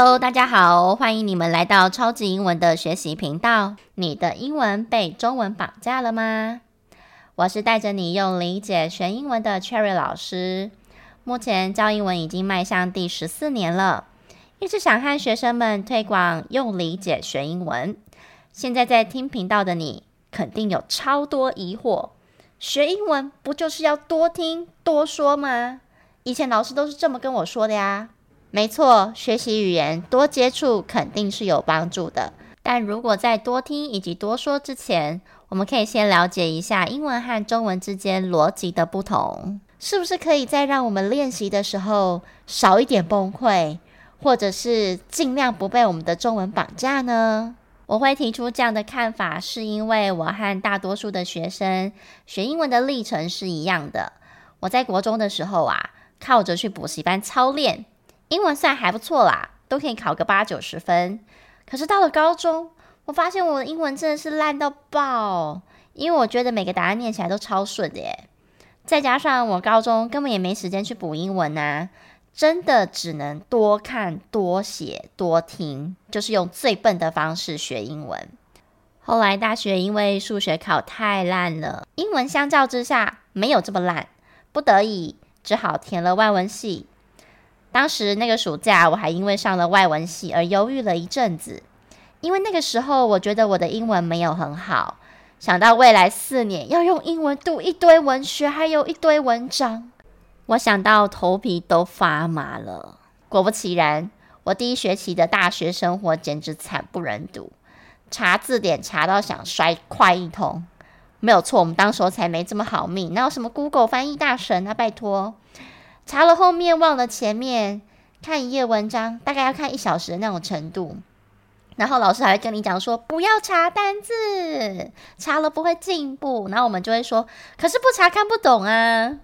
Hello，大家好，歡迎你們來到超級櫻文的學習頻道。你的英文被中文綁架了嗎？我是帶着你用理解學英文的 Cherry 老師。目前教英文已經邁向第十四年了，一直想和學生們推廣用理解學英文。現在在聽頻道的你，肯定有超多疑惑。學英文不就是要多聽多說嗎？以前老師都是這麼跟我說的呀。沒錯，學習語言多接觸肯定是有幫助的。但如果在多聽以及多說之前，我們可以先了解一下英文和中文之間邏輯的不同，是不是可以在讓我們練習的時候少一點崩潰，或者是盡量不被我們的中文綁架呢？我會提出這樣的看法，是因為我和大多數的學生學英文的歷程是一樣的。我在國中的時候啊，靠着去補習班操練。英文算還不錯啦，都可以考個八九十分。可是到了高中，我發現我的英文真的是爛到爆，因為我覺得每個答案念起來都超順的耶。再加上我高中根本也沒時間去補英文啊，真的只能多看、多寫、多聽，就是用最笨的方式學英文。後來大學因為數學考太爛了，英文相較之下沒有這麼爛，不得已只好填了外文系。當時那個暑假，我還因為上了外文系而猶豫了一陣子，因為那個時候我覺得我的英文沒有很好，想到未來四年要用英文讀一堆文學，還有一堆文章，我想到頭皮都發麻了。果不其然，我第一學期的大學生活簡直慘不忍睹，查字典查到想摔快一通。沒有錯，我們當時才沒這麼好命，哪有什麼 Google 翻譯大神那、啊、拜託。查了後面忘了前面，看一頁文章大概要看一小時的那種程度。然後老師還跟你講說，不要查單字，查了不會進步。然後我們就會說，可是不查看不懂啊。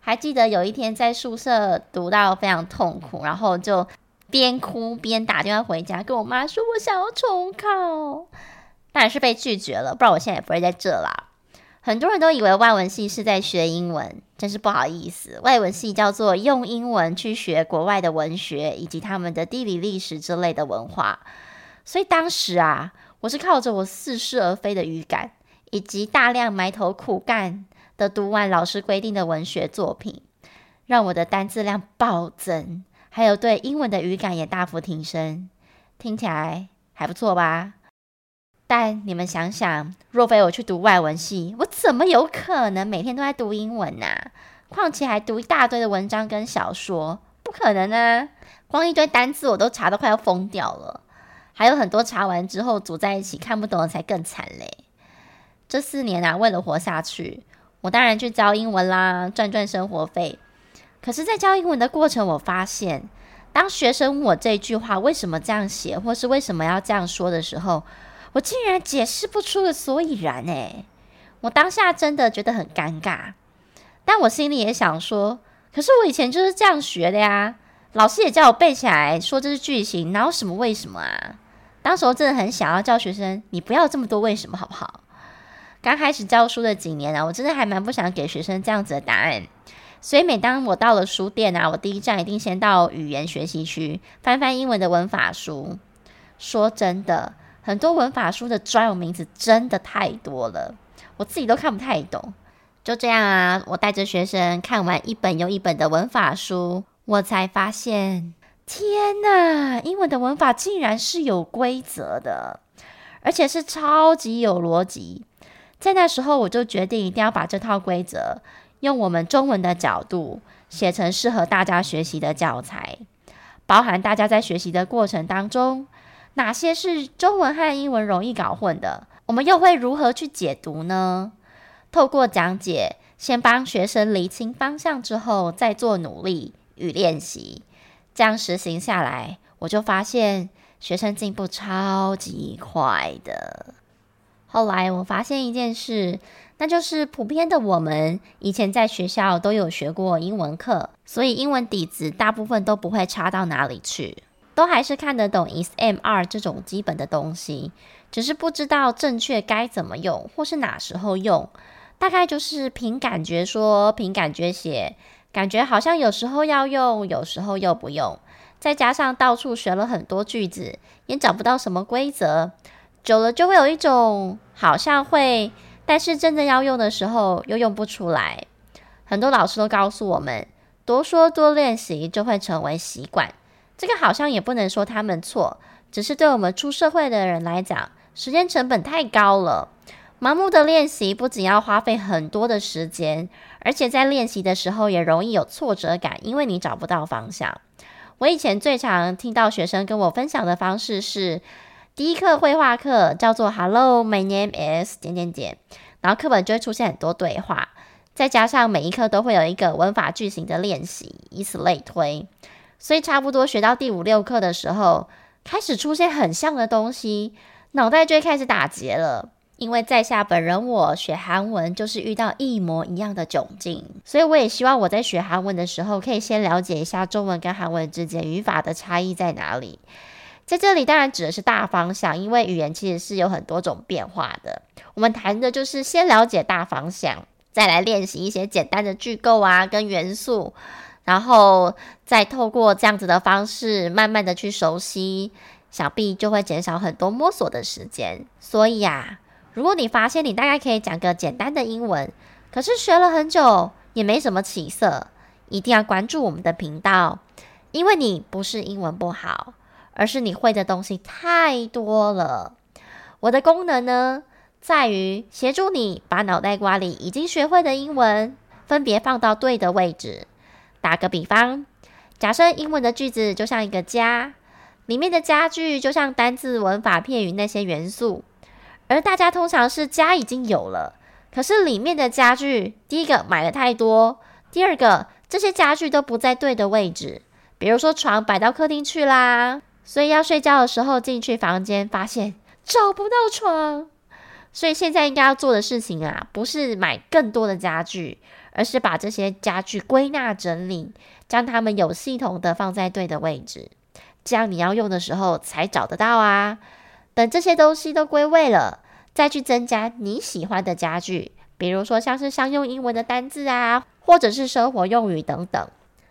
還記得有一天在宿舍讀到非常痛苦，然後就邊哭邊打電話回家，跟我媽說我想要重考，但是被拒絕了，不然我現在也不會在這啦。很多人都以為外文系是在學英文，真是不好意思，外文系叫做用英文去學國外的文學以及他們的地理歷史之類的文化。所以當時啊，我是靠着我似是而非的語感，以及大量埋頭苦幹的讀完老師規定的文學作品，讓我的單字量暴增，還有對英文的語感也大幅提升。聽起來還不錯吧？但你們想想，若非我去讀外文系，我怎麼有可能每天都在讀英文呢？啊？況且還讀一大堆的文章跟小說，不可能啊！光一堆單字我都查得快要瘋掉了，還有很多查完之後組在一起看不懂的才更慘嘞。這四年啊，為了活下去，我當然去教英文啦，賺賺生活費。可是，在教英文的過程，我發現，當學生問我這句話為什麼這樣寫，或是為什麼要這樣說的時候，我竟然解釋不出個所以然哎、欸！我當下真的覺得很尷尬，但我心裡也想說，可是我以前就是這樣學的呀，老師也叫我背起來，說這是劇情，哪有什麼為什麼啊？當時我真的很想要叫學生，你不要這麼多為什麼好不好？剛開始教書的幾年啊，我真的還蠻不想給學生這樣子的答案，所以每當我到了書店啊，我第一站一定先到語言學習區翻翻英文的文法書。說真的。很多文法書的專有名詞真的太多了，我自己都看不太懂。就這樣啊，我帶着學生看完一本又一本的文法書，我才發現，天哪！英文的文法竟然是有規則的，而且是超級有邏輯。在那時候，我就決定一定要把這套規則用我們中文的角度寫成適合大家學習的教材，包含大家在學習的過程當中。哪些是中文和英文容易搞混的？我們又會如何去解讀呢？透過講解，先幫學生理清方向，之後再做努力與練習。這樣實行下來，我就發現學生進步超級快的。後來我發現一件事，那就是普遍的我們以前在學校都有學過英文課，所以英文底子大部分都不會差到哪裡去。都還是看得懂 is am are 這種基本的東西，只是不知道正確該怎麼用，或是哪時候用，大概就是憑感覺說，憑感覺寫，感覺好像有時候要用，有時候又不用。再加上到處學了很多句子，也找不到什麼規則，久了就會有一種好像會，但是真正要用的時候又用不出來。很多老師都告訴我們，多說多練習就會成為習慣。這個好像也不能說他們錯，只是對我們出社會的人來講，時間成本太高了。盲目的練習不僅要花費很多的時間，而且在練習的時候也容易有挫折感，因為你找不到方向。我以前最常聽到學生跟我分享的方式是，第一課會話課叫做 “Hello, my name is……” 點點點，然後課本就會出現很多對話，再加上每一課都會有一個文法句型的練習，以此類推。所以差不多學到第五六課的時候，開始出現很像的東西，腦袋就開始打結了。因為在下本人我學韓文就是遇到一模一樣的窘境，所以我也希望我在學韓文的時候，可以先了解一下中文跟韓文之間語法的差異在哪裡。在這裡當然指的是大方向，因為語言其實是有很多種變化的。我們談的就是先了解大方向，再來練習一些簡單的句構啊跟元素。然後再透過這樣子的方式，慢慢的去熟悉，想必就會減少很多摸索的時間。所以啊，如果你發現你大概可以講個簡單的英文，可是學了很久也沒什麼起色，一定要關注我們的頻道，因為你不是英文不好，而是你會的東西太多了。我的功能呢，在於協助你把腦袋瓜裡已經學會的英文，分別放到對的位置。打個比方，假設英文的句子就像一個家，裡面的家具就像單字、文法、片語那些元素。而大家通常是家已經有了，可是裡面的家具，第一個買了太多，第二個這些家具都不在對的位置。比如說床擺到客廳去啦，所以要睡覺的時候進去房間，發現找不到床。所以現在應該要做的事情啊，不是買更多的家具。而是把這些家具歸納整理，將它們有系統的放在對的位置，這樣你要用的時候才找得到啊。等這些東西都歸位了，再去增加你喜歡的家具，比如說像是商用英文的單字啊，或者是生活用語等等。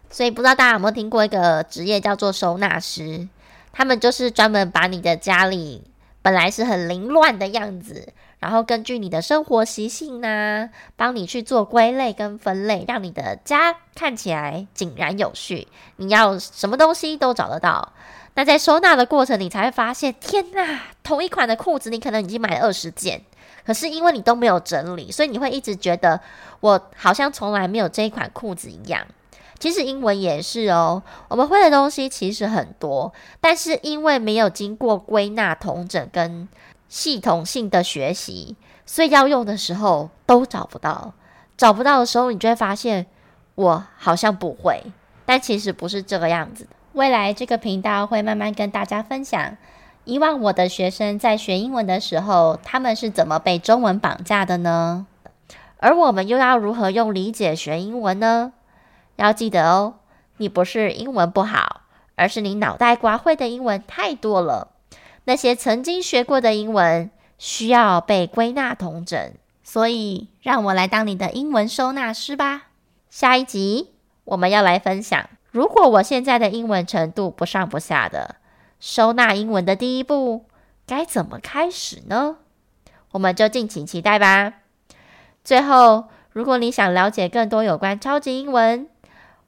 所以不知道大家有沒有聽過一個職業叫做收納師，他們就是專門把你的家裡本來是很凌亂的樣子。然後根據你的生活習性呢，啊，幫你去做歸類跟分類，讓你的家看起來井然有序。你要什麼東西都找得到。那在收納的過程，你才會發現，天哪！同一款的褲子，你可能已經買了二十件，可是因為你都沒有整理，所以你會一直覺得我好像從來沒有這一款褲子一樣。其實英文也是哦，我們會的東西其實很多，但是因為沒有經過歸納、統整跟。系統性的學習，所以要用的時候都找不到。找不到的時候，你就會發現我好像不會，但其實不是這個樣子的。未來這個頻道會慢慢跟大家分享，以往我的學生在學英文的時候，他們是怎麼被中文綁架的呢？而我們又要如何用理解學英文呢？要記得哦，你不是英文不好，而是你腦袋瓜會的英文太多了。那些曾經學過的英文需要被歸納統整，所以讓我來當你的英文收納師吧。下一集我們要來分享，如果我現在的英文程度不上不下的，收納英文的第一步該怎麼開始呢？我們就敬請期待吧。最後，如果你想了解更多有關超級櫻文，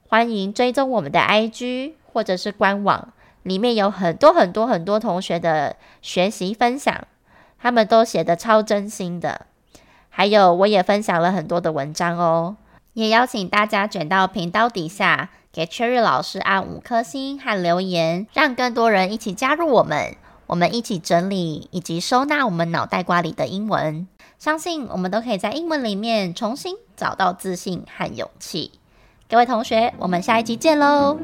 歡迎追蹤我們的 IG 或者是官網。裡面有很多很多很多同學的學習分享，他們都寫得超真心的。還有我也分享了很多的文章哦，也邀請大家捲到頻道底下給 Cherry 老師按五顆星和留言，讓更多人一起加入我們，我們一起整理以及收納我們腦袋瓜裡的英文。相信我們都可以在英文裡面重新找到自信和勇氣。各位同學，我們下一集見嘍！